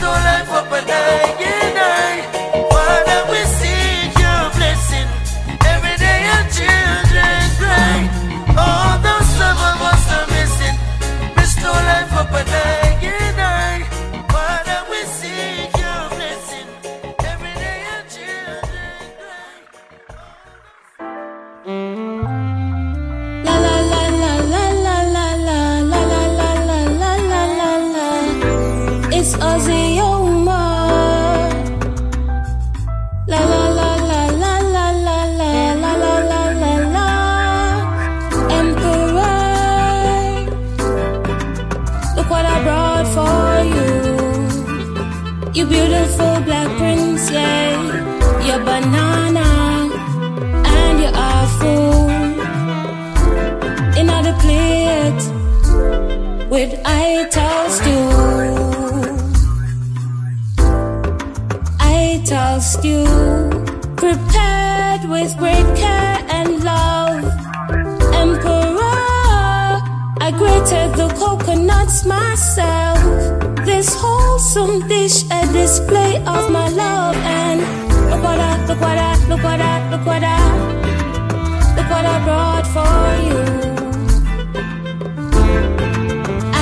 no life up and I with great care and love. Emperor, I grated the coconuts myself. This wholesome dish, a display of my love. And look what I, look what I, look what I, look what I, look what I brought for you.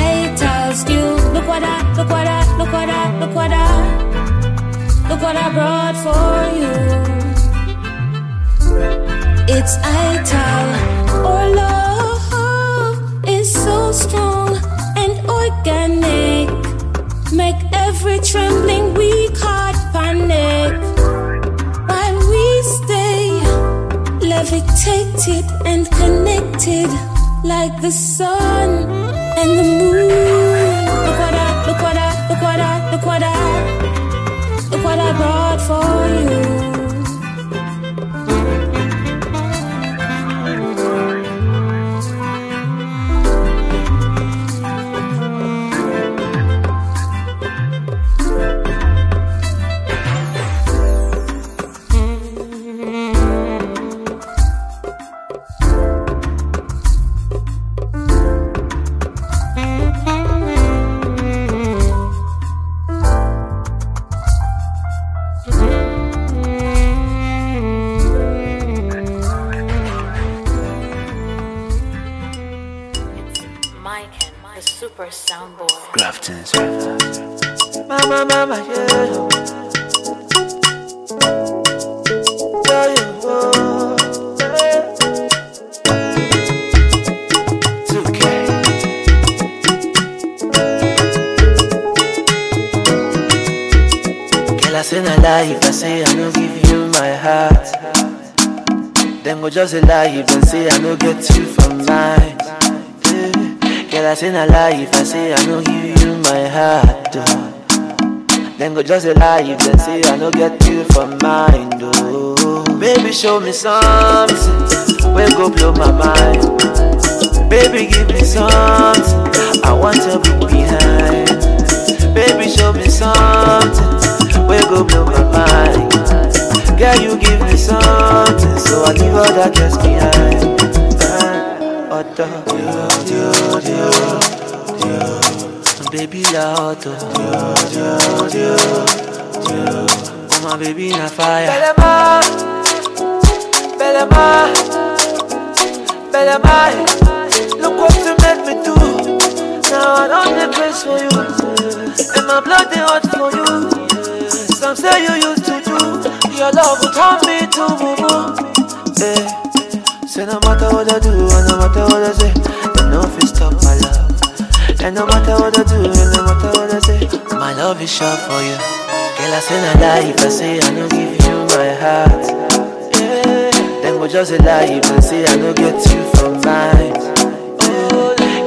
I tossed you, look what I, look what I, look what I, look what I, look what I brought for you it's idle. Our love is so strong and organic. Make every trembling weak heart panic. While we stay levitated and connected like the sun and the moon. just a lie if they say I no get you for mind, oh. Baby, show me something, we go blow my mind. Baby, give me something, I want to be behind. Baby, show me something, we go blow my mind. Girl, you give me something, so I leave all that just behind. Uh, oh, baby la hot oh. Joe, Joe, Joe, Joe. Oh my baby na fire. Bella bella ma, ma, bella ma. Look what you make me do. Now I don't need place for you, and my blood is hot for you. Some say you used to do. Your love will turn me to moo moo. Hey. Say no matter what I do, and no matter what I say, they no fit stop and no matter what I do, and no matter what I say, my love is short for you. Girl, I say not lie if I say I don't give you my heart. Then go just a lie if I say I don't get you from mine.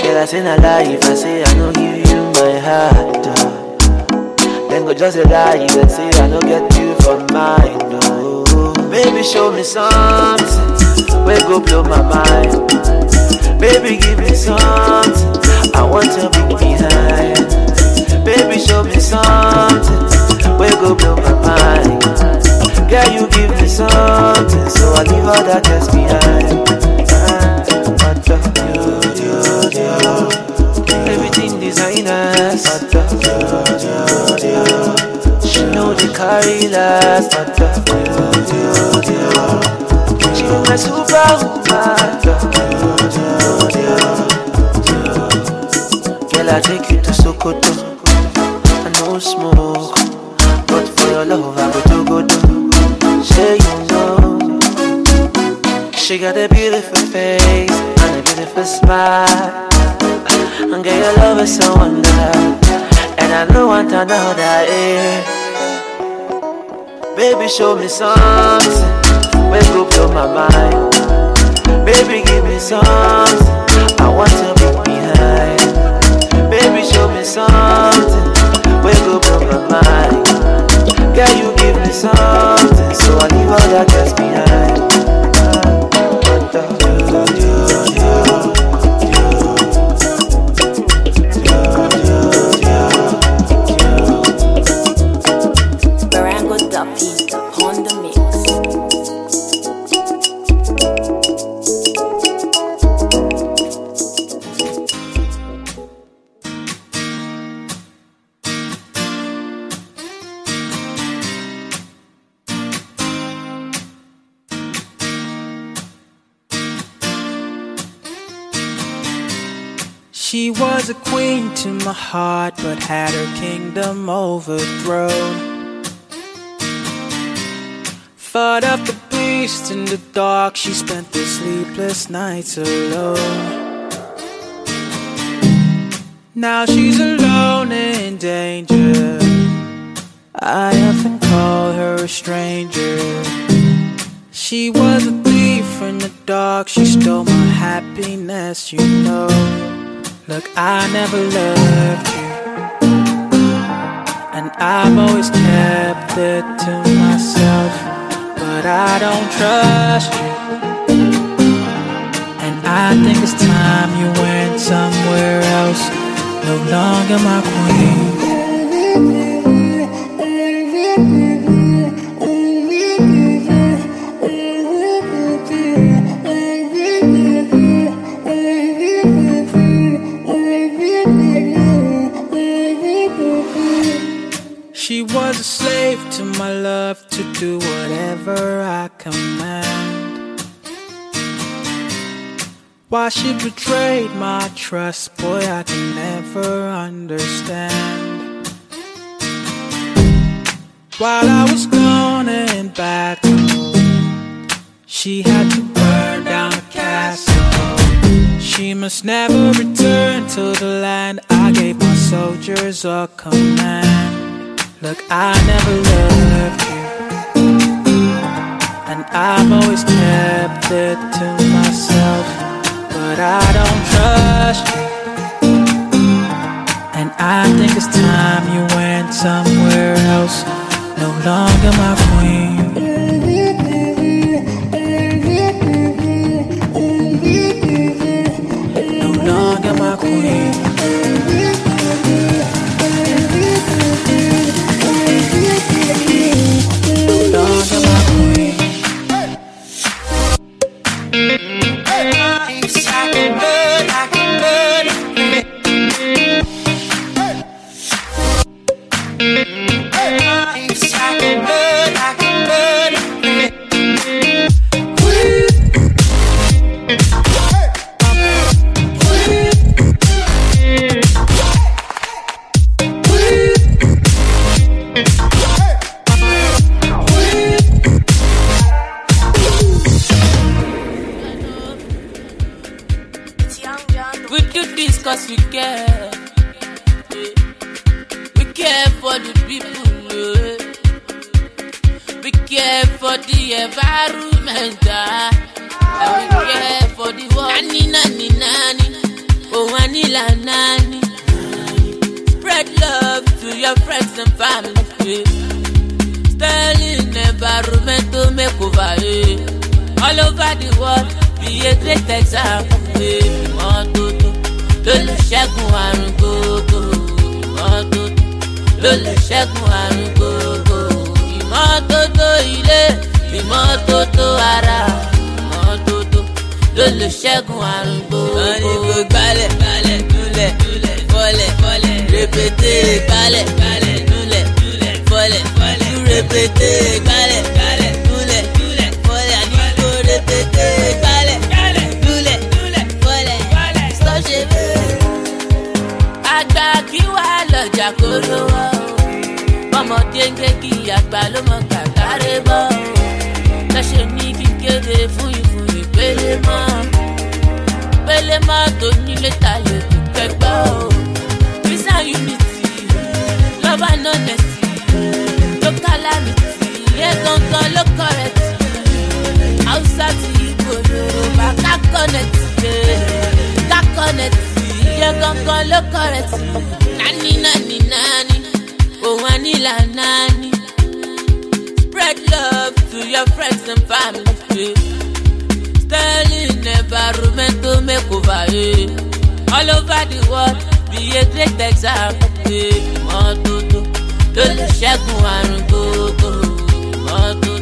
girl, I say not lie if I say I don't give you my heart. Then go just a lie if I say I don't get you from mine. Oh. Baby, show me something. Where go blow my mind. Baby, give me something. I want to be behind. Baby, show me something. Wake go blow my mind. Girl, you give me something. So I leave all that that's behind. What the? Do, do, do. Everything designers. She know they carry She my super woman. I take you to Sokoto. I know smoke, but for your love I go to go to. Say you know, she got a beautiful face and a beautiful smile. And girl, your love is so wonderful, and I do know want another. Yeah. Baby, show me something, wake up blow my mind. Baby, give me something. kingdom overthrown. Fought up the beast in the dark, she spent the sleepless nights alone. Now she's alone in danger. I often call her a stranger. She was a thief in the dark, she stole my happiness, you know. Look, I never loved I've always kept it to myself, but I don't trust you. And I think it's time you went somewhere else, no longer my queen. Why she betrayed my trust, boy, I can never understand. While I was gone and back, she had to burn down the castle. She must never return to the land. I gave my soldiers a command. Look, I never loved you, and I've always kept it to myself. I don't trust you. And I think it's time you went somewhere else. No longer my queen. No longer my queen. ìmọ́tótó ilé ìmọ́tótó ara ìmọ́tótó ló lè ṣẹ́gun àrùn gbogbo. wọ́n ní kó gbálẹ̀ gbálẹ̀ dúlẹ̀ dúlẹ̀ fọ́lẹ̀ fọ́lẹ̀ rẹpẹtẹ gbálẹ̀ gbálẹ̀ dúlẹ̀ dúlẹ̀ fọ́lẹ̀ fọ́lẹ̀ rẹpẹtẹ gbálẹ̀ gbálẹ̀ dúlẹ̀ dúlẹ̀ fọ́lẹ̀ àníkó rẹpẹtẹ gbálẹ̀ gbálẹ̀ dúlẹ̀ dúlẹ̀ fọ́lẹ̀ sọ́ṣẹ́ bẹ́ẹ̀. àgbà kí wàá lọ́jà kó lówó ọmọdé ń gé kí àgbà ló mọ̀ kàkà sáré bọ́ lẹ́sẹ̀ ní kíkéde fún ìfún ìpele mọ́ pele mọ́ tó nílé tayé kò kẹgbọ́ o visa unity lọ́ba náà nẹ̀sí lókàlámìtì yẹ gangan ló kọ̀rẹ̀tì hausa ti ibo yorùbá ká kọ̀nẹ̀tì yẹ ká kọ̀nẹ̀tì yẹ gangan ló kọ̀rẹ̀tì nání nání nání òun ànílà nání spread love to your friends and family. Sterling environment to make over. Eh. All over the world, be a great example. Eh. Mọ́tótó ló lè ṣẹ́gun àrùn gbogbo. Mọ́tótó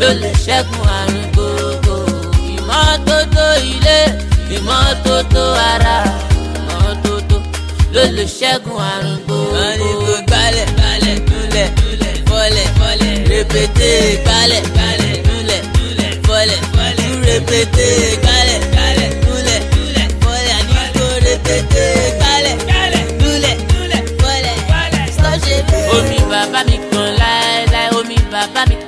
ló lè ṣẹ́gun àrùn gbogbo. Ìmọ́tótó ilé, ìmọ́tótó ara. Mọ́tótó ló lè ṣẹ́gun àrùn gbogbo. Wọ́n ní kó gbálẹ̀ rẹpẹtẹ gbálẹ̀ múlẹ̀ fọlẹ̀ tú rẹpẹtẹ gbálẹ̀ múlẹ̀ fọlẹ̀ àníkó rẹpẹtẹ gbálẹ̀ múlẹ̀ fọlẹ̀ sọ́ṣẹ́. omi baba mi kon lai lai, omi baba mi kan.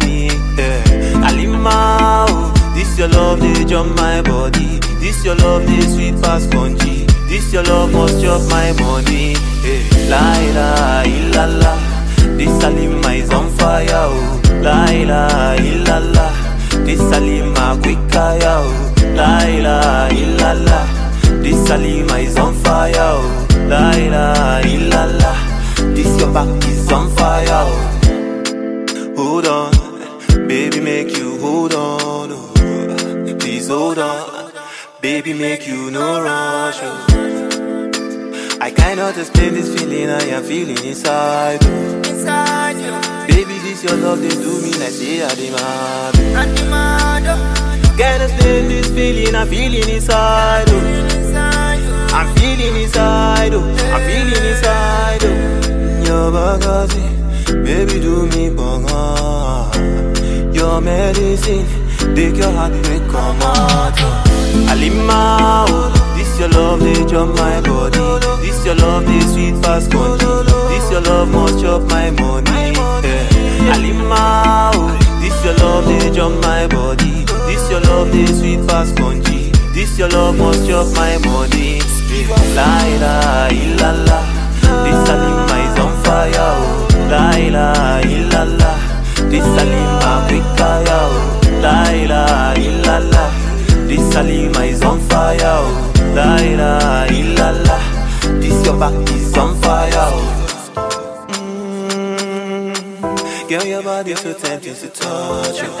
Halima, oh. This your love, they jump my body. This your love, they sweet past congee. This your love must chop my money. Hey, eh, la ilala. This Salima is on fire, oh. La ilala. This Salima quick fire, oh. La ilala. This Salima is on fire. baby, make you no rush. Oh. I cannot explain this feeling I am feeling inside. Inside Baby, this your love, they do me like they are demand. Oh. Can't explain this feeling I'm oh. feeling inside. Oh. I'm feeling inside. Oh. I'm feeling inside. Oh. Your bagazi, baby, do me bonga. Your medicine, take your heart, come out. Oh. Alima, this your love, they jump my body. This your love, they sweet past country. This your love must chop my money. Yeah. Alima, this your love, they jump my body. This your love, they sweet past country. This your love must chop my money. La ilala, this Alima is on fire. Oh. La la this Alima quick fire. Oh. La la la. This Salima is on fire, oh. La ilaha illallah. This your back is on fire, oh. Mm. Girl, your body so tempting to touch you.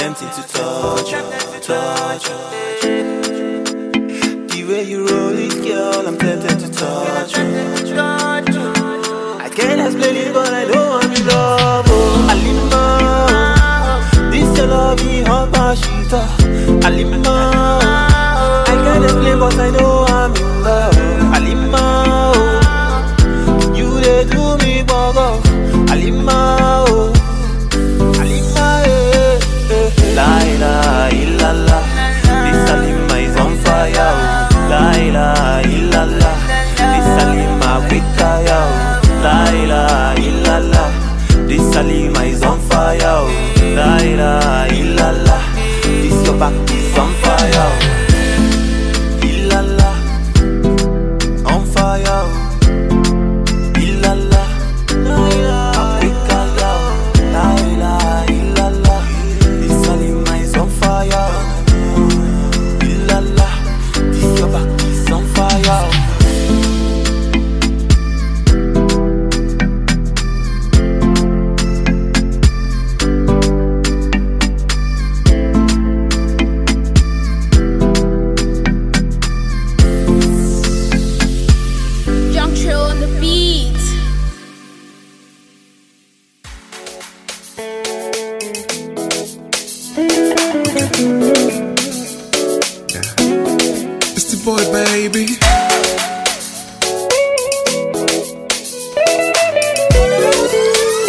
Tempting to touch you. Touch you. The way you roll it, girl, I'm tempted to touch you. I can't explain it, but I know I'm in love love jalabi on Bashita Alima I can't explain but I know I'm in love Alima oh. You they do me bogo Alima oh. Alima eh, eh. eh. La ilaha illallah back, from on fire.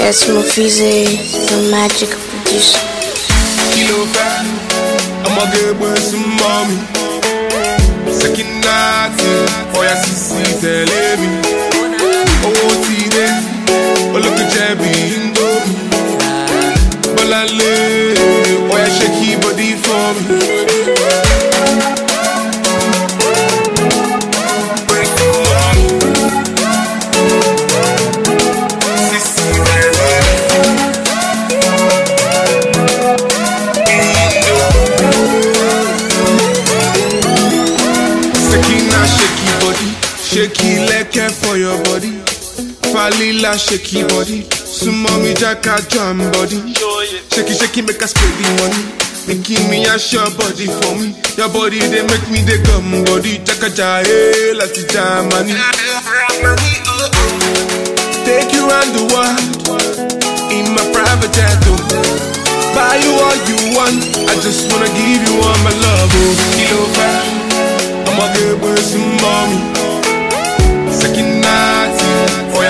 That's my Mofize, the magic producer. I'ma get with some mommy. Second night, oh yeah, sissy, tell me. Oh, see oh look at Kalila, shake your body. Sumami Jaka drum body. Shake it, shake it, make us spend the money. Make me a sure body for me. Your body, they make me the gum body. Jaka jae, eh, like the Germany. Take you around the world in my private jet. Oh. Buy you all you want. I just wanna give you all my love. Oh, kilo five. I'm a good person, mommy.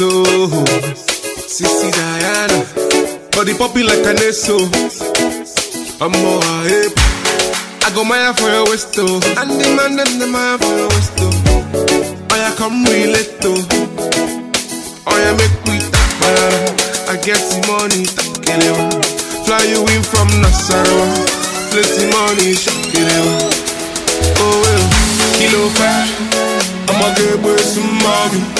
so Sissy Diana Body poppy like an eso I'm more hip I go my for your waist though. And the man and the man for your waist though. Oh yeah come real too oh. oh yeah make we tap I get the money tap you Fly you in from Nassau Plenty money shock kill you Oh well Kilo fat I'm a good boy some Marvin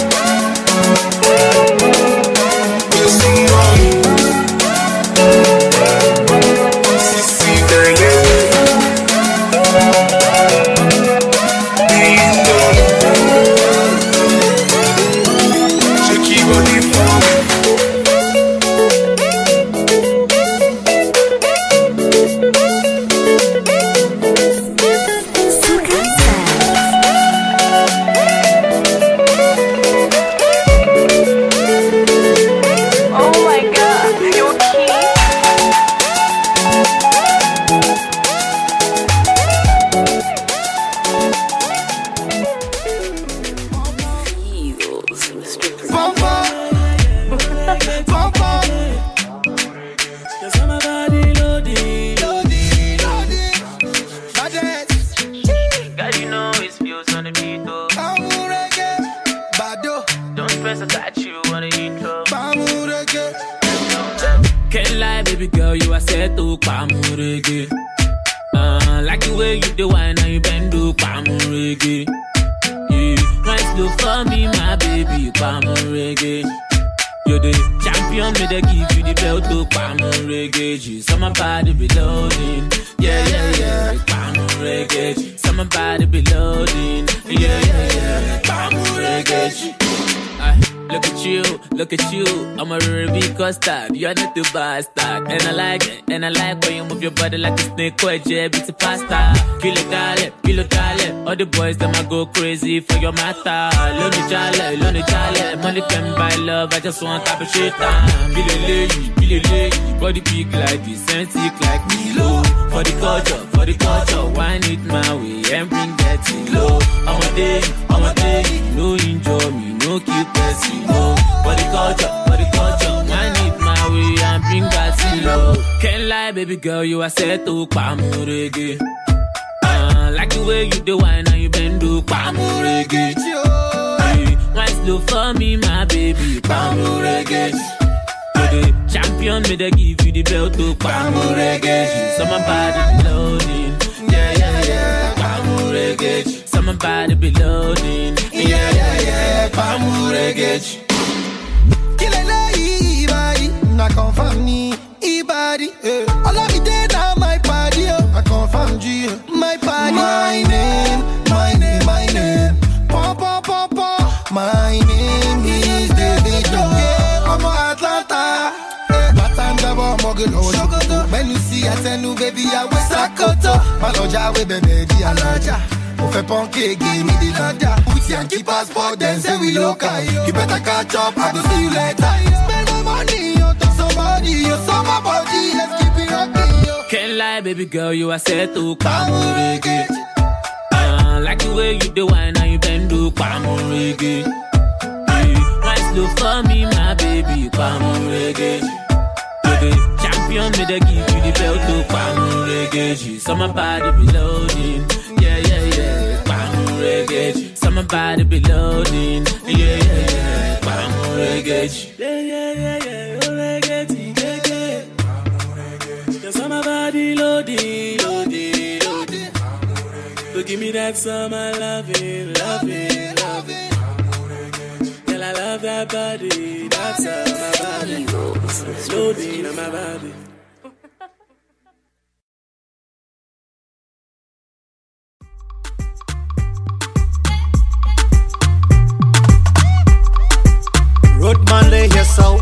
like a snake wedge, it's a pasta. Kilo dale, kilo dale. All the boys them I go crazy for your matter. Lonely jale, lonely jale. Money can buy love, I just want to be shit. Billy lady, billy lady. Body big like this, and thick like me. Low for the culture, for the culture. Wine it my way and bring that to low. I'm a day. baby girl, you are set to kwamurege. Uh, like the way you do wine and you bend to kwamurege. Wine slow for me, my baby, kwamurege. Today, champion, may they give you the belt to kwamurege. Somebody be loading, yeah, yeah, yeah, kwamurege Somebody be loading. Yeah, yeah, yeah, Pamuregage. Kilela hii bari, na confirm ni. fẹ́ràn mọ́gìlì òdòdó mẹ́nu sí àtẹnu bébí àwé sákòtò má lọ́jà àwé bẹ̀bẹ̀ di alájà mo fẹ́ pọ́ńkì ègè mi di lọ́jà put keep us for then say we local you better catch up i go see you later. spend my money yo to somebody yo summer body let's keep it rocking yo. can't lie baby girl you are set to come reggae. Uh, like the way you do wine and you bend to come reggae. Wine slow for me my baby come reggae baby. Champion, me they give you the belt to Panu Regeji. Summer body be loading. Yeah, yeah, yeah. Panu Regeji. Summer body be loading. Yeah, yeah, yeah. Panu Regeji. Yeah, yeah, yeah, yeah. Oh, Regeji, yeah, yeah. Panu Regeji. The summer body loading. Loading, loading. So give me that summer loving, loving, loving. Girl, I love that body. that summer body. Slow down my body. Roadman lay here yourself.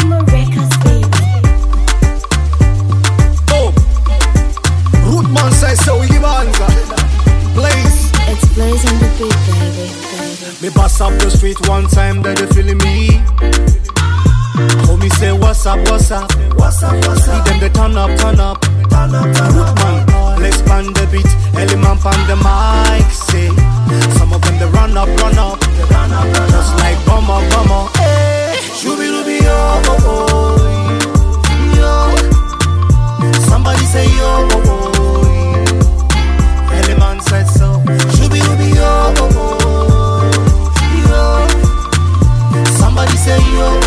Emo records, baby. Oh, roadman says so. We give answer. Blaze. It's blazing the beat, baby, baby. Me pass up the street one time, then they feeling me. Homie say what's up, what's up? What's up, what's up? Them they turn up, turn up. Turn up, turn up. Man, let's pan the beat. Element pan the mic. Say some of them they run up, run up. run up, run up. Just like bummer, bummer. Hey, shooby dooby oh oh Yo, somebody say yo oh, oh, Element said so. Shooby dooby Yo, oh, somebody say yo.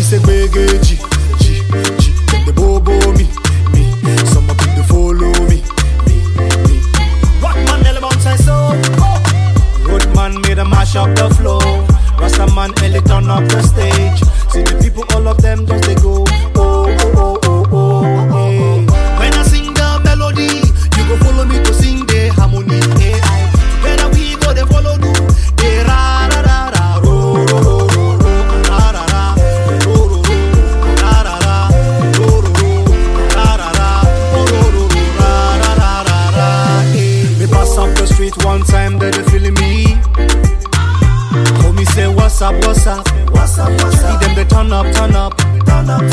Somebody say Bege G, G, G. the they bobo me, me. Some of them they follow me, me, me. Rockman elements I saw. man made a mash up the floor. Rastaman Ellie turn up the stage. See the people, all of them just they go. Oh, oh, oh. what's up, what's up? What's up, what's up? Them they turn up, turn up. Turn up,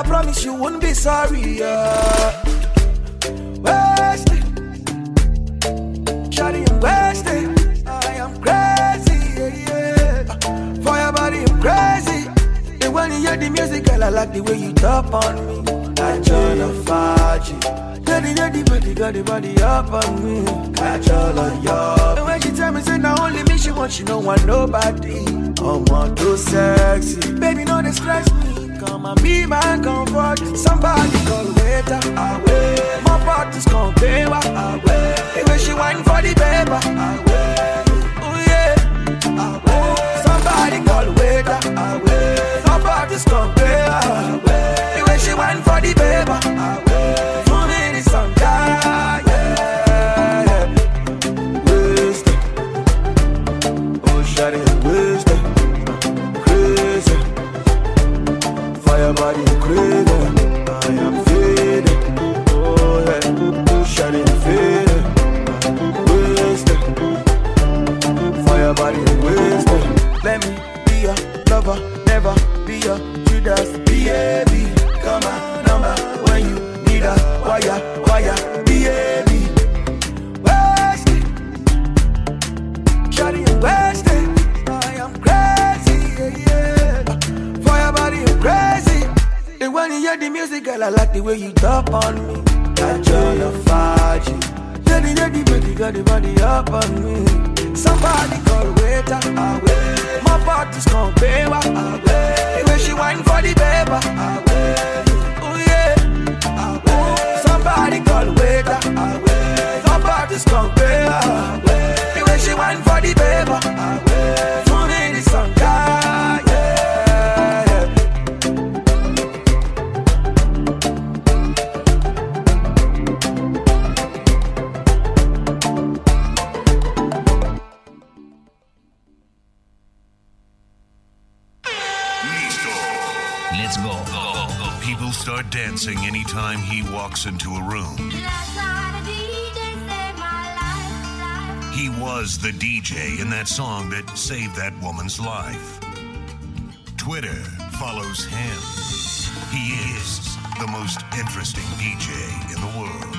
I promise you won't be sorry. Yeah. the DJ in that song that saved that woman's life. Twitter follows him. He is the most interesting DJ in the world.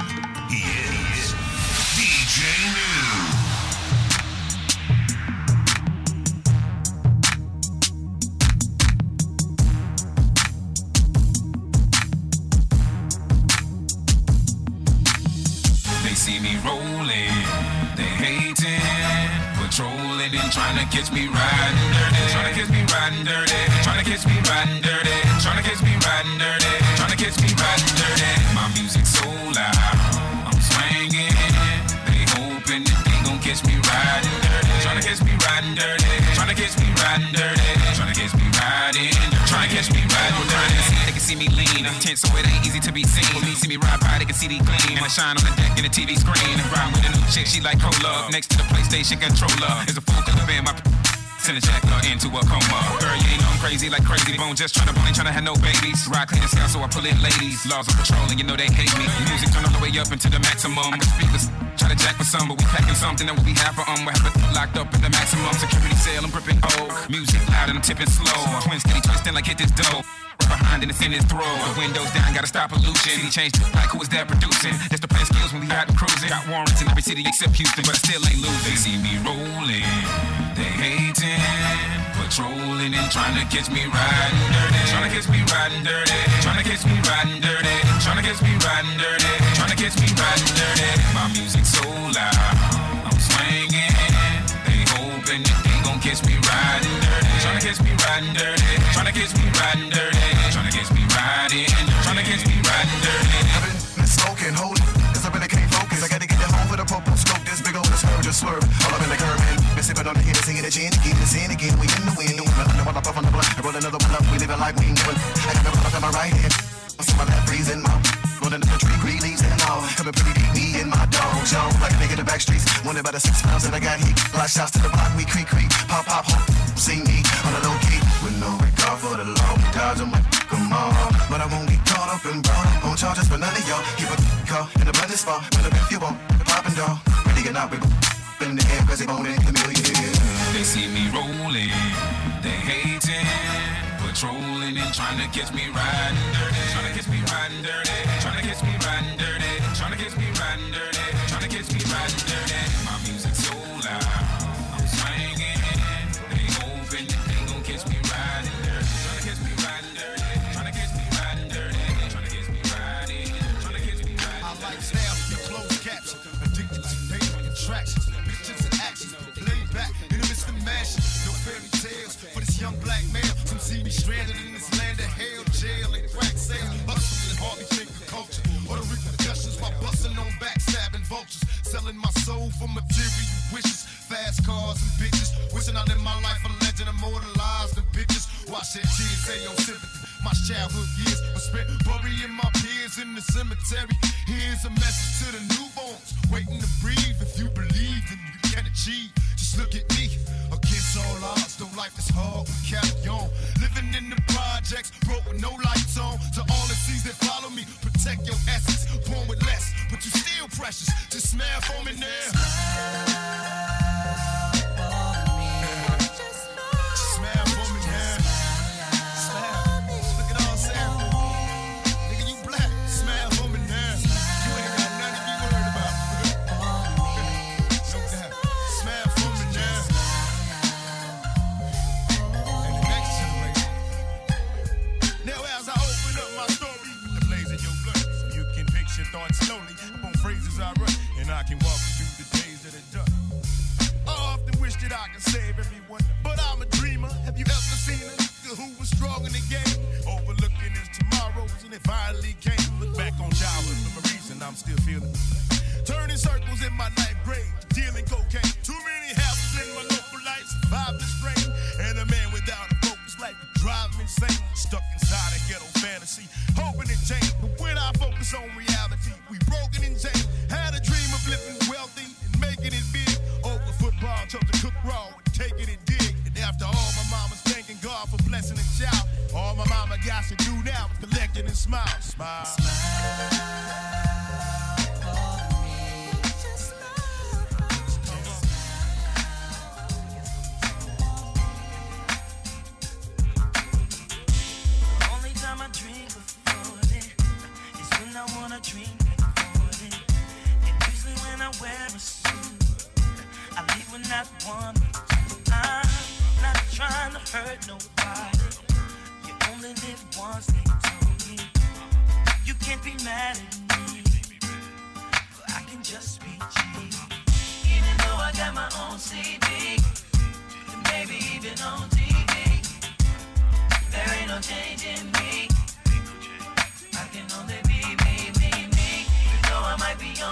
Trying to catch me riding dirty. Trying to catch me riding dirty. Trying to catch me riding dirty. Trying to catch me riding dirty. Trying to catch me riding dirty. My music so loud, I'm swinging. They hoping that they gon' catch me riding dirty. Trying to catch me riding dirty. see me lean. Tense, so it ain't easy to be seen. Police see me ride by, they can see the clean. And I shine on the deck in the TV screen. Ride with a new chick, she like pro love. Next to the PlayStation controller. There's a full club in my. Send a jacker into a coma. Girl, you ain't no crazy like crazy bone. Just tryna bone, tryna have no babies. Rock clean as hell, so I pull in ladies. Laws on patrol, and you know they hate me. music turn all the way up into the maximum. I can speak try to jack for some, but we packing something that will be half for them. We're locked up in the maximum security cell. I'm gripping old. Music loud and I'm tipping slow. Twin steady twisting like hit this dough. Behind in the sentence the Windows down, gotta stop pollution. City change like who is that producing? That's the plan skills when we out and cruising. Got warrants in every city except Houston, but I still ain't losing. They see me rolling, they hating, patrolling and trying to catch me riding dirty. Trying to catch me riding dirty. Trying to catch me riding dirty. Trying to catch me riding dirty. Trying to catch me riding dirty. My music so loud, I'm swinging. They hoping that tryna catch me riding dirty, tryna kiss me riding dirty, tryna kiss me riding dirty, tryna kiss me riding, tryna kiss me riding dirty. I've been, been smoking, holding, cause I really can't focus. I gotta get home for the purple smoke. this big old swerve, just swerve. All up in the curb, man. Been sipping on the Hennessy, singing the gin, getting the sin again. We in the wind, the wind, the one up on the block. roll another one up, we living like we ain't doing. I got the one up in my right hand, I'm my left, in my rolling up the tree, green leaves and all. Coming pretty deep, me and my dog, Joe. Like a nigga in the back streets, wanted by the six pounds, that I got heat. A lot shots to the block, we creak, creak pop, pop, pop. See me on the low key with no regard for the law. Dodge them, come on. But I won't get caught up and brought up on charges for none of y'all. Keep a car in the blended spot. Matter if you want, the popping dog. Ready or not, we in the air cause they won't in the million. They see me rolling, they hating, patrolling and trying to catch me riding dirty. Trying to catch me riding dirty. Trying to catch me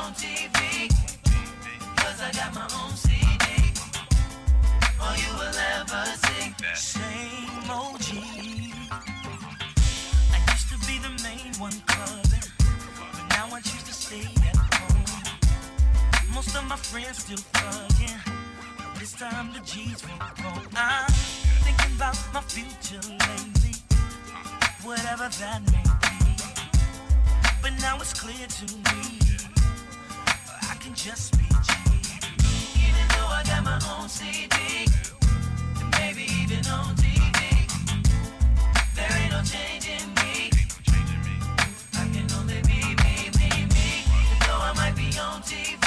own TV. Cause I got my own CD. All you will ever see. Same OG. I used to be the main one clubbing. But now I choose to stay at home. Most of my friends still plugging. But this time the G's won't go. I'm thinking about my future lately. Whatever that may be. But now it's clear to me just be Even though I got my own CD, and maybe even on TV, there ain't no me. I can only be me. Even though I might be on TV.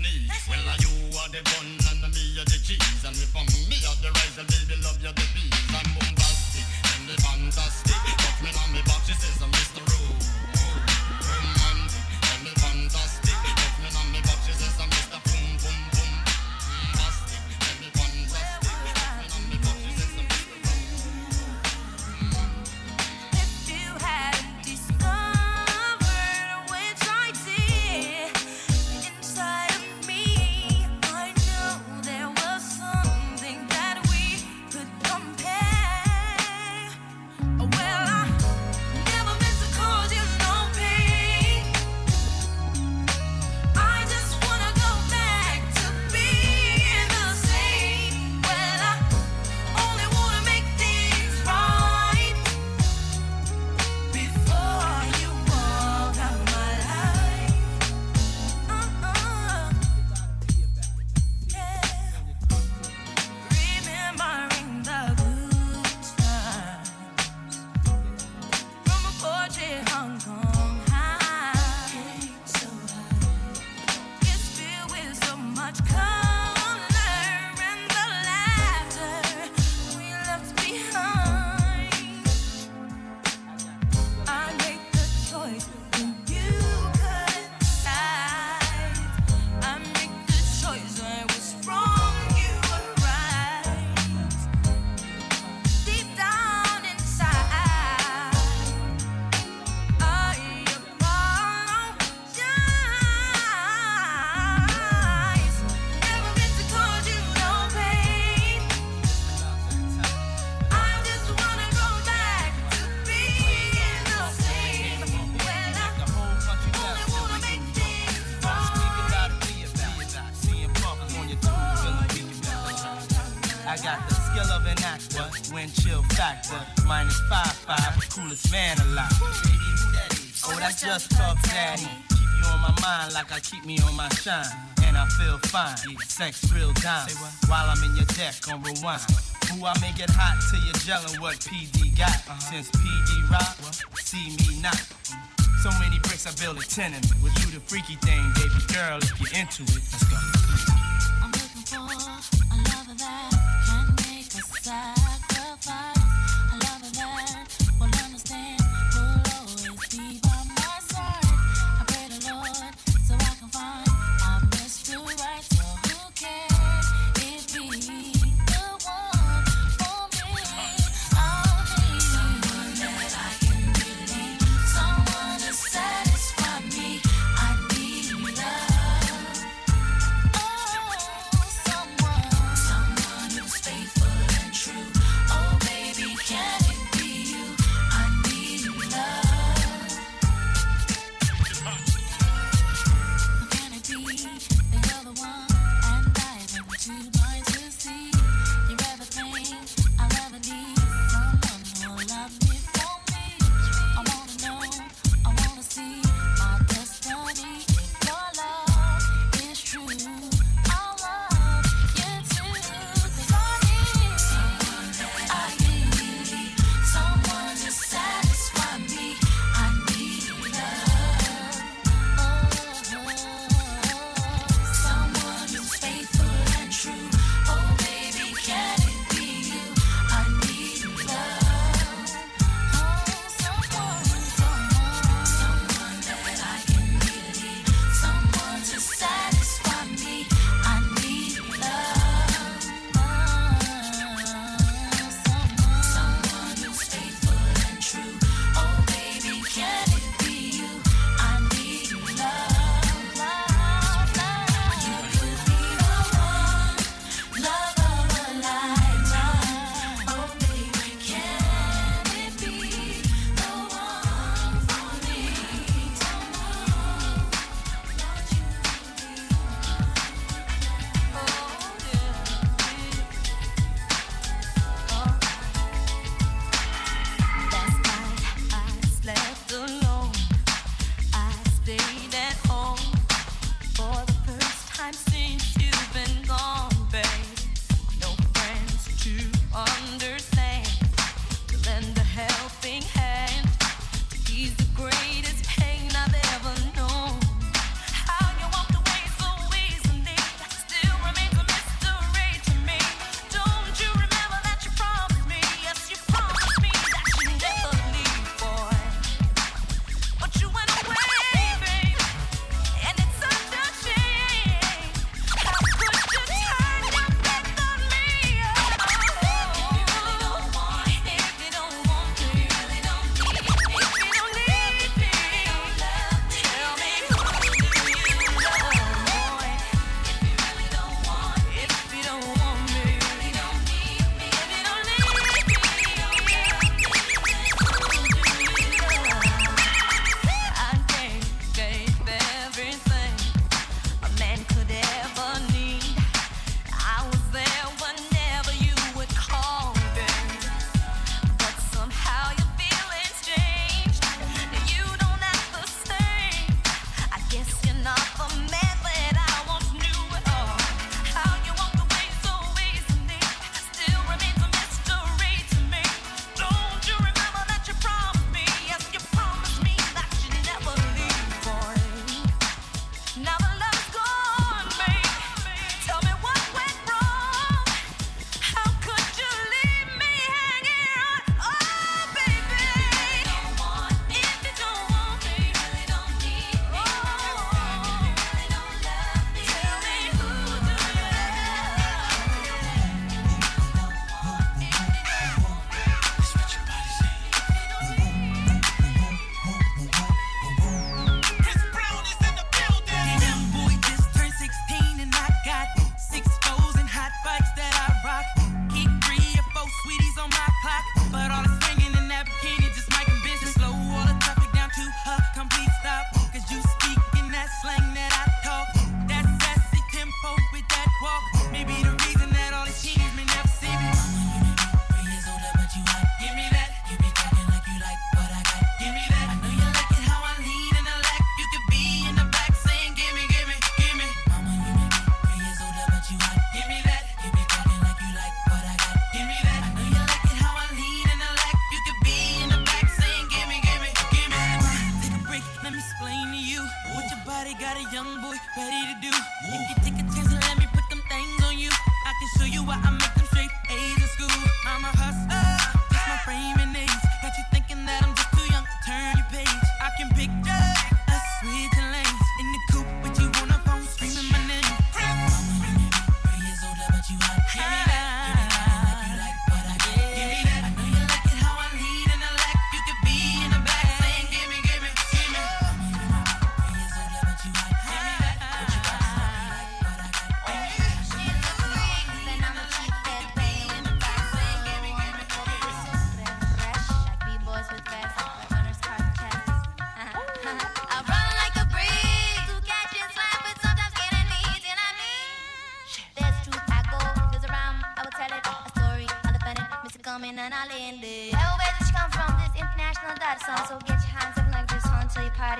man's Well, you are the bun and me are the cheese, and if I'm me are the rice, me on my shine, and I feel fine. Sex real time while I'm in your deck on rewind. Who I make it hot till you're gelling what PD got. Uh-huh. Since PD rock, see me not. So many bricks I build a tenement. With you the freaky thing, baby girl, if you're into it, let's go.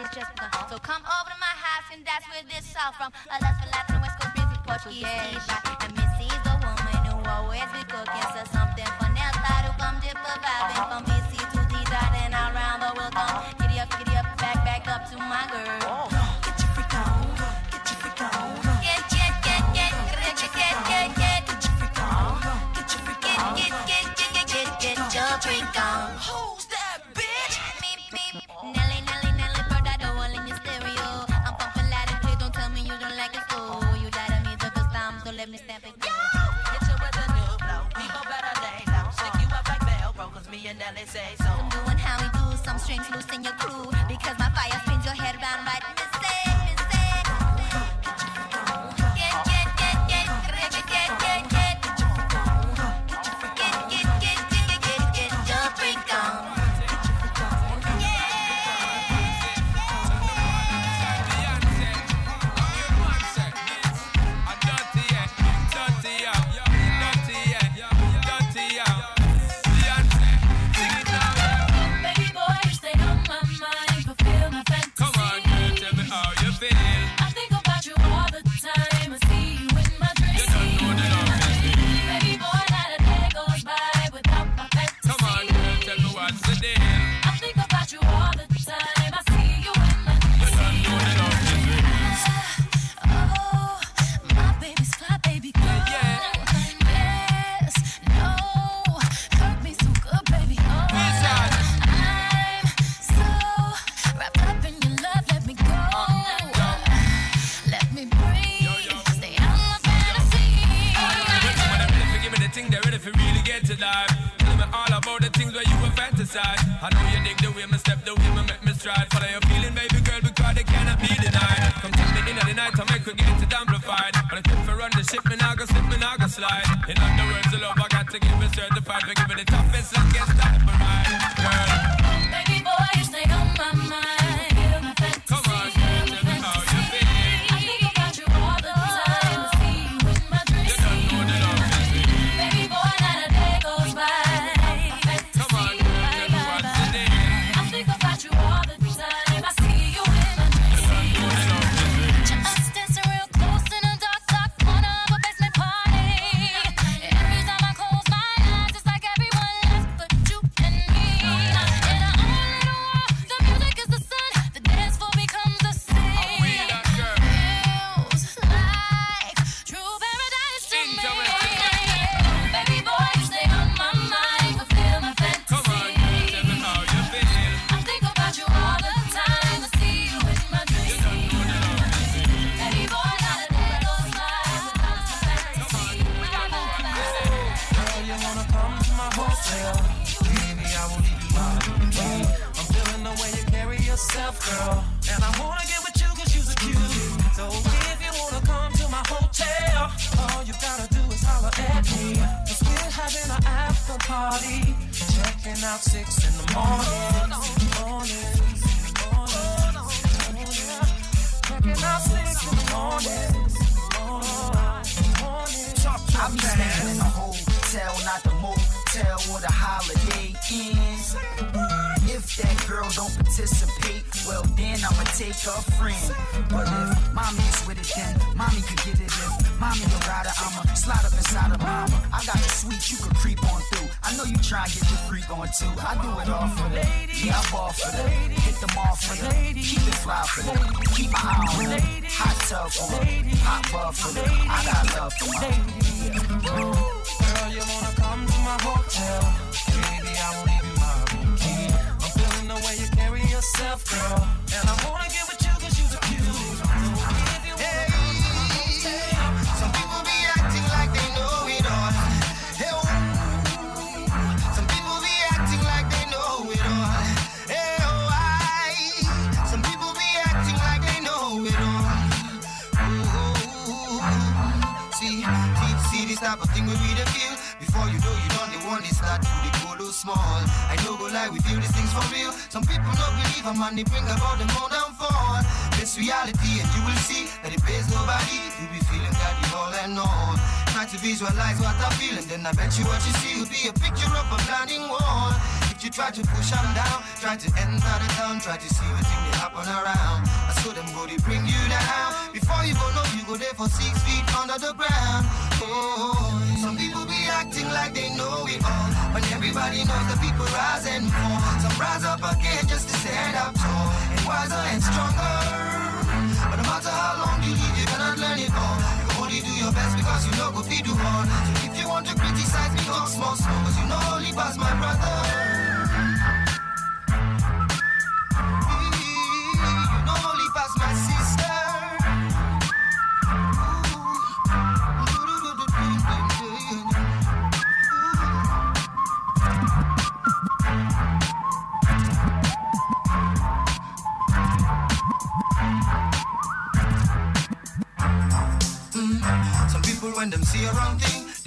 it's just begun. So come over to my house and that's where this all from. A lust for life, Latin, West Coast music, Portuguese. And Missy's a woman who always be cooking, so something for Nelta to come dip a vibing from BC to D dot and around the world. Come giddy up, giddy up, back, back up to my girl. your crew.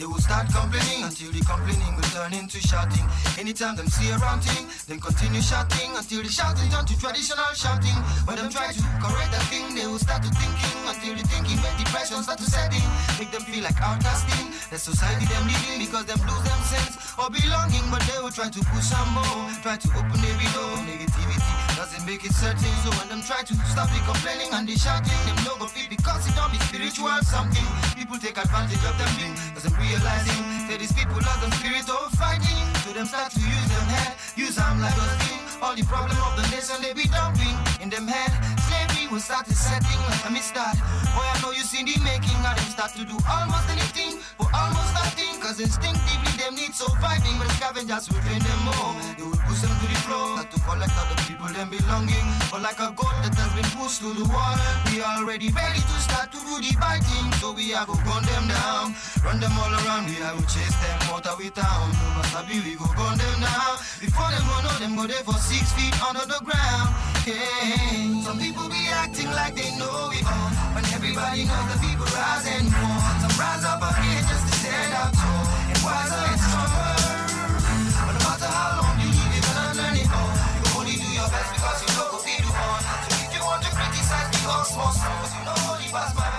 will start complaining until the complaining will turn into shouting. Anytime them see a wrong thing, then continue shouting until the shouting turn to traditional shouting. When them try to correct the thing, they will start to thinking until the thinking make depression start to set in. Make them feel like outcasting. The society them living because them lose them sense or belonging, but they will try to push some more, try to open every door make it certain. So when them try to stop it complaining and the shouting, them no go fit because it don't be spiritual something. People take advantage of them Cause I'm realizing that these people are the spirit of fighting. So them start to use them head, use them like a thing. All the problem of the nation they be dumping in them head will start to setting like a mistart. Boy, I know you see the making. of them start to do almost anything for almost nothing. Cause instinctively them need surviving. But the scavengers will bring them more. They will push them to the floor. Start to collect all the people them belonging. But like a goat that has been pushed to the wall, we already ready to start to do the biting. So we have go gun them down. Run them all around. We are go chase them out of we town. No matter we go gun them down. Before them go know them go there for six feet under the ground. Hey, some people be out acting like they know it all. When everybody knows the people rise and fall. Some rise up again just to stand up tall. And wiser and stronger. But no matter how long you live, you're gonna learn it all. You can only do your best because you know what they do on. So if you want to criticize, be all small, small. But you know only pass by.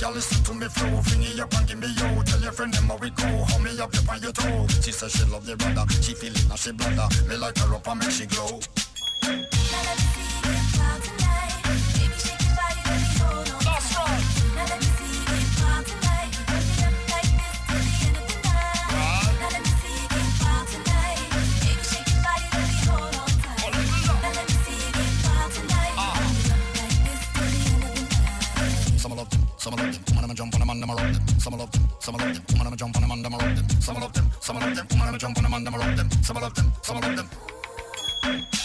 Y'all listen to me flow, fling it up and give me yo. Tell your friend them how we go, hold me up, your on your toe. She says she love the brother, she feeling now she blood. some of them, some of them.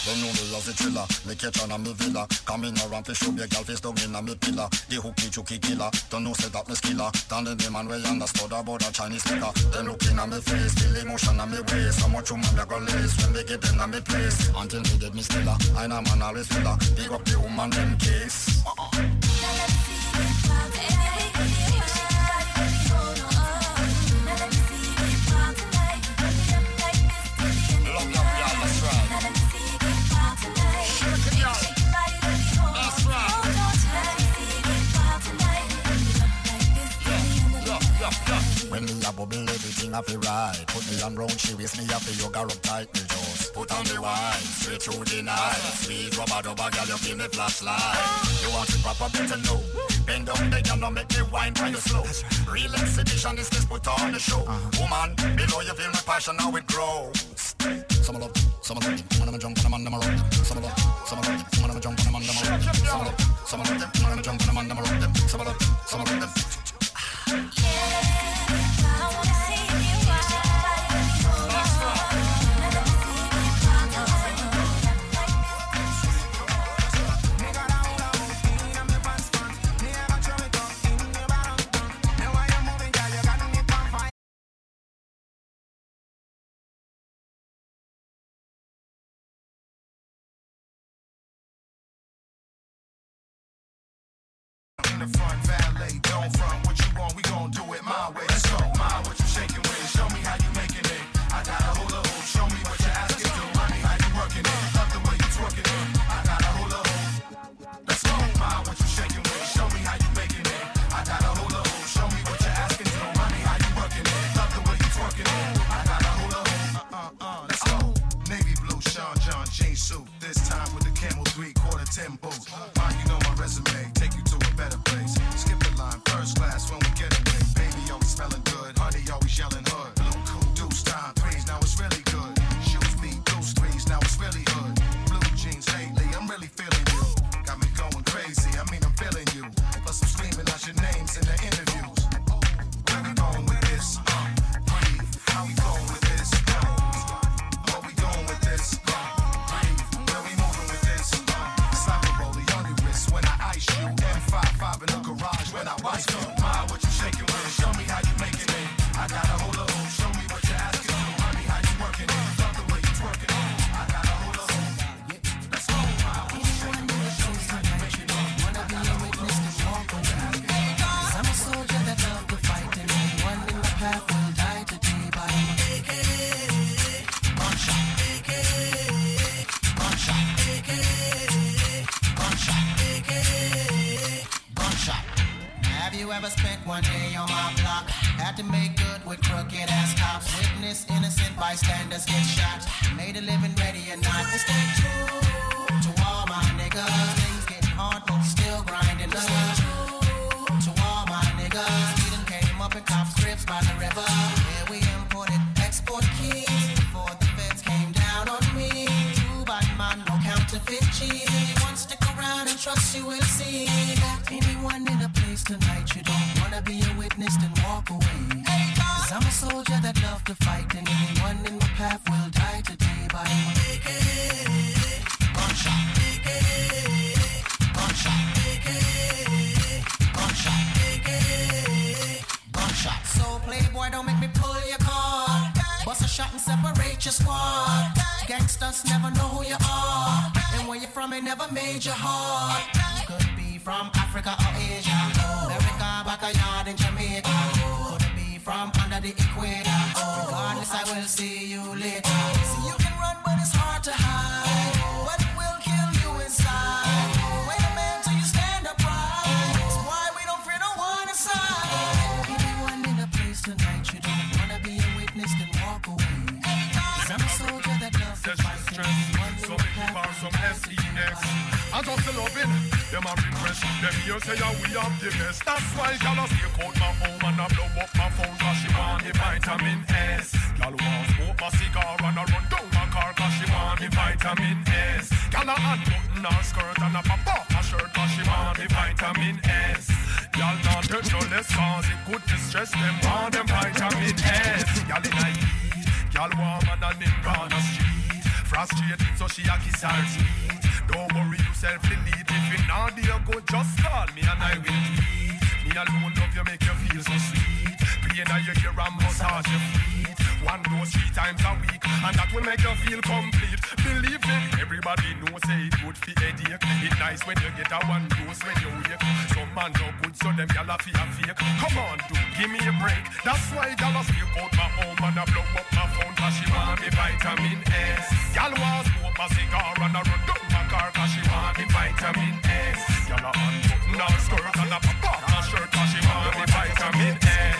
Don't know me as the thriller, me catch on a me villa Coming around fi show me gal face down in a me pillar The hooky chooky killer, don't know say that me skiller Down in the man way and the understood about a Chinese liquor Them looking at me face, feel emotion at me waist So much woman they go lace when me get them at me place Until me dead me stiller, I know man always filler Pick up the woman them case uh-uh. a bubble, everything I feel right. Put me on round, she waste me up, you got up tight, me just put on the wine, straight through the night. Sweet rubber dubber, girl, you feel me flashlight. You want it proper, better know. Bend down the girl, now make me wine kind you slow. Real exhibition is put on the show. Uh-huh. Woman, below you feel my passion, now it grows. Some of love, some of love, when I'm a jump, when I'm on the road. Some of love, some of love, when I'm a jump, when I'm on the road. Some of love, some of love, when I'm a jump, when I'm on the road. Some of love, some of love. Yeah. Everybody know say it good for headache. It nice when you get a one dose when you wake. Some man no good, so them gyal a fi a fake. Come on, dude, give me a break. That's why gyal a flip out my home and I blow up my phone 'cause she want me vitamin S. Gyal want smoke a cigar and I run down my car 'cause she want me vitamin S. Gyal a unbutton her skirt and a pop off her shirt 'cause she want me vitamin S.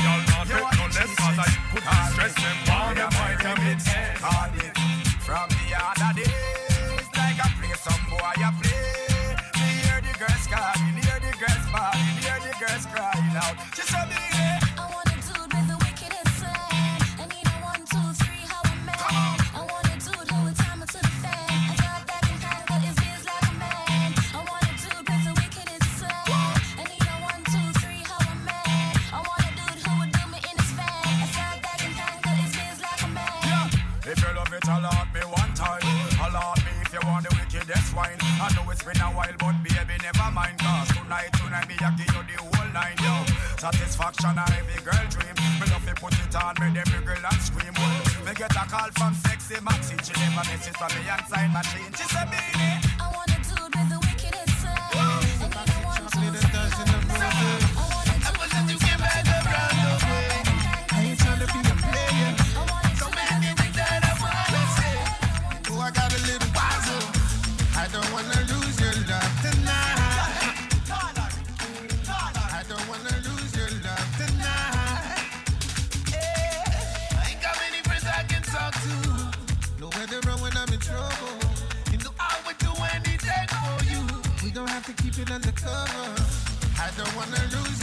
Gyal not take no less 'cause I could stress them want me vitamin S. I know it's been a while, but baby, never mind. Cause tonight, tonight, me, I give you the whole nine, yo. Satisfaction, a every girl dream. Me love me, put it on, me, every girl and scream. me get a call from sexy Maxi. She never misses from me and sign machine. She said, baby. dancing in the club. I don't wanna lose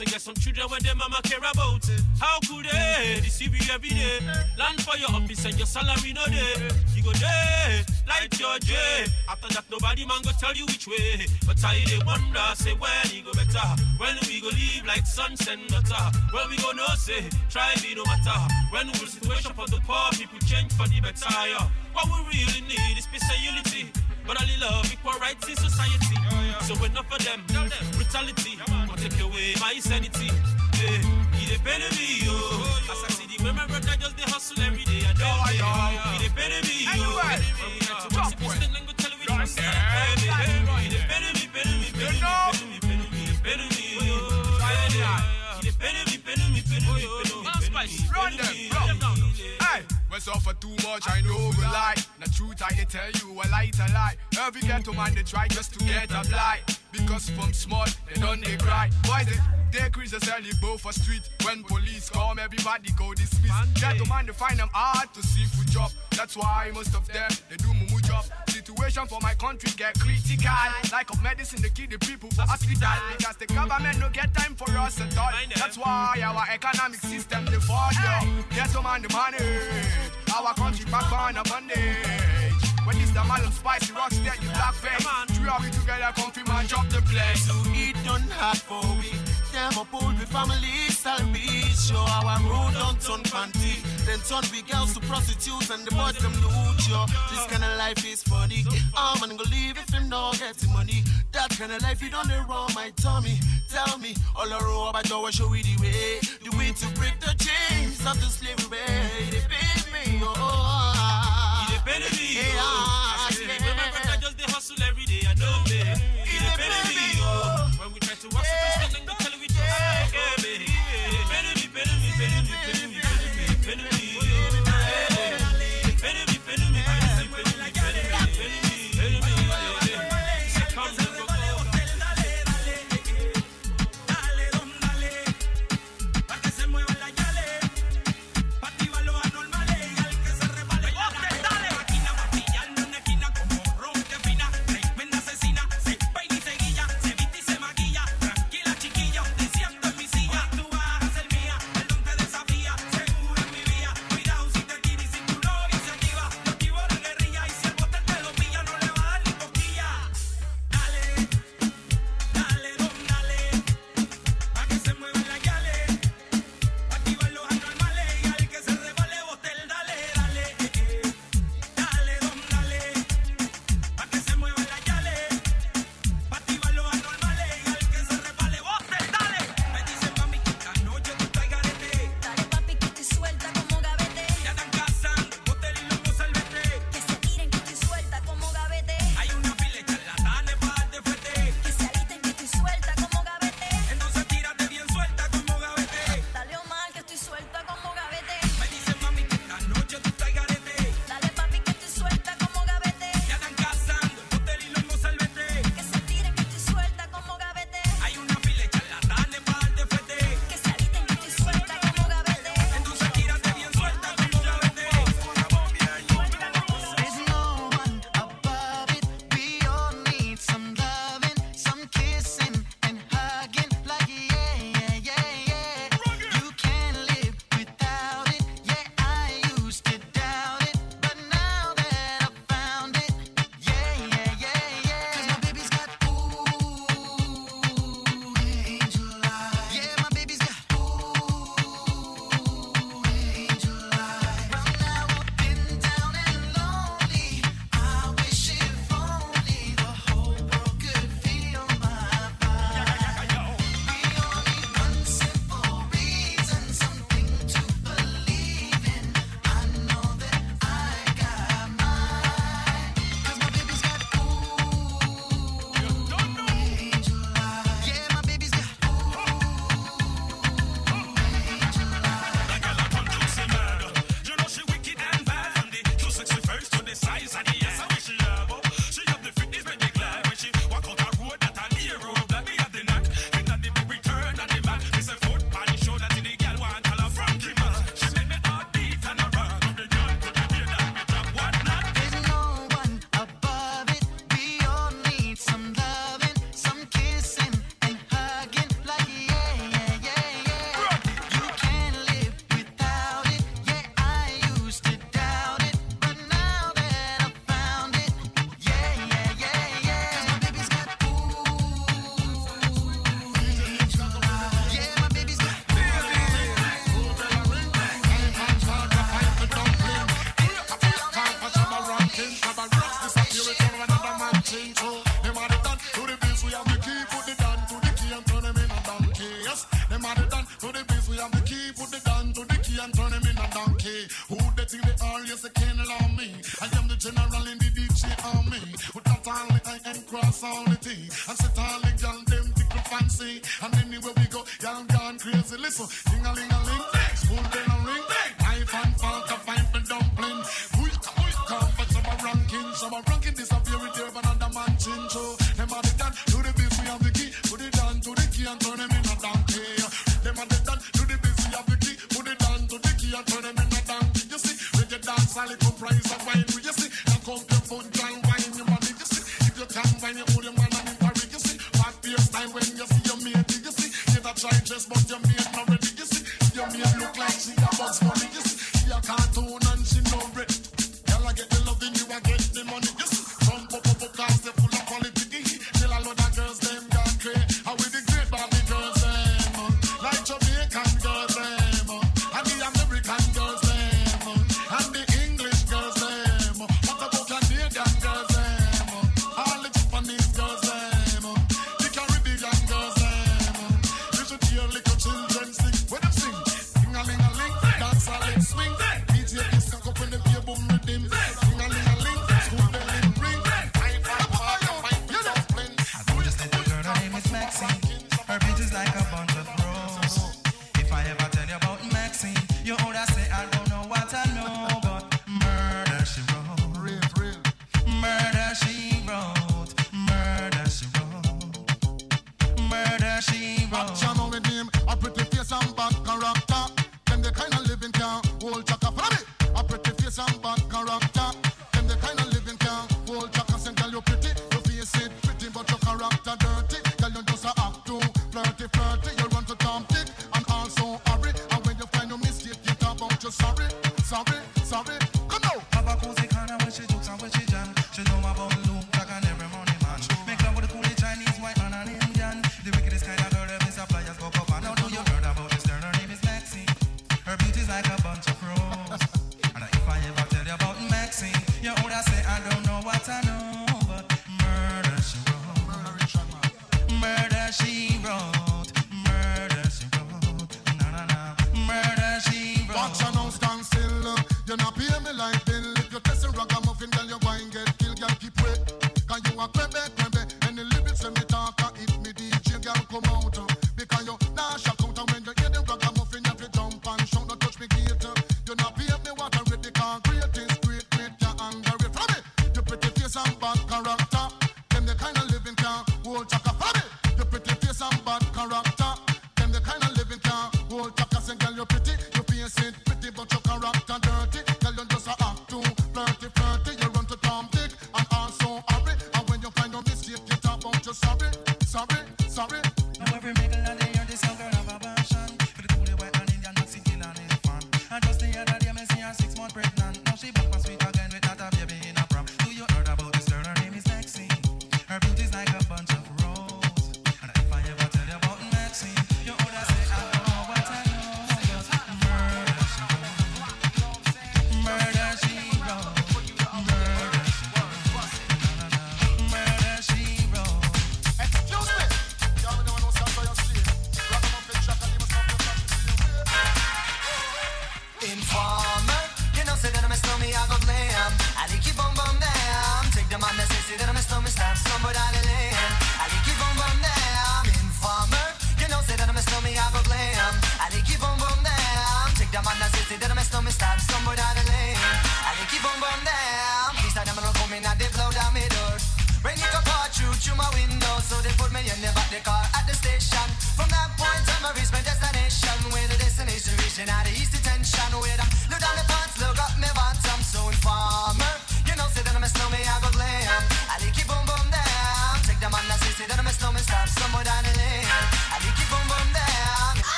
So get some children when their mama care about it. How could they deceive you every day? Land for your office and your salary no day. You go there, light your J. After that, nobody man go tell you which way. But I they wonder, say when you go better. When we go leave like suns and gutter. When we go no say, try me no matter. When will situation for the poor people change for the better? Yeah. What we really need is peace and unity. Brotherly love, equal rights in society. Yeah, yeah. So enough of them, Tell them. brutality. Yeah, take away my sanity. Hey, it depend on me, yo. Oh, yo. As I see the my brother just they hustle every day. I don't oh, yo, yo. It depend on me, yo. it. Run them. We suffer too much, I know go lie. The truth I tell you, a lie a lie. Every ghetto man they try just to get a blight. Because from small, they don't they cry. Why they they crazy selling both for street. When police come, everybody go dismiss. man they find them hard to see for job. That's why most of them they do mumu job. Situation for my country get critical. Like of medicine, they kill the people for hospital because the government no get time for us at all. That's why our economic system they fall to man the money, our country back on a money. When this the man of spicy, rock steady, black eh? face. Three of we together, come country man, drop the place. So it done hard for we. Them up old the family, salvage. Show our road don't turn panty. Then turn we girls to prostitutes and the boys them loot yo. This kind of life is funny. I'm gonna leave if him not getting money. That kind of life you don't wrong, my tummy. Tell me, all I roll about your show we the way. The way to break the chains of the slavery. They pay me, oh. Ah, ah, ah, I hustle every day. I don't pay. It a benefit. When we try to hustle, yeah. just then they tell we just yeah. like, baby.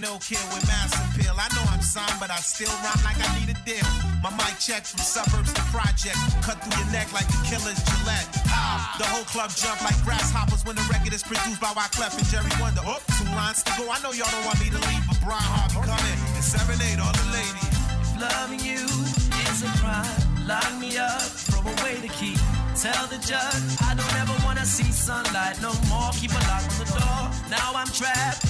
No kid with mass appeal. I know I'm signed, but I still rhyme like I need a deal. My mic checks from suburbs to projects. Cut through your neck like the killer's Gillette. Ah, the whole club jump like grasshoppers when the record is produced by Wyclef and Jerry Wonder. Oh, two lines to go. I know y'all don't want me to leave, but Brian Harvey come coming and serenade all the ladies. loving you is a crime, lock me up, throw away the key. Tell the judge I don't ever wanna see sunlight no more. Keep a lock on the door. Now I'm trapped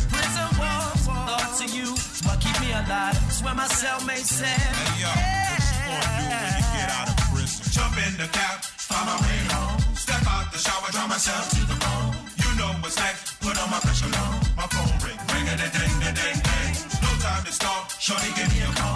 to you. What keep me alive? That's where my cellmate said. Hey, yo, yeah. what you gonna do when you get out of prison? Jump in the cab, find my way home. Step out the shower, draw myself to the bone. You know what's next, put on my pressure on. My phone ring, ring a ding, ding, ding, ding. No time to stop, shorty give me a call.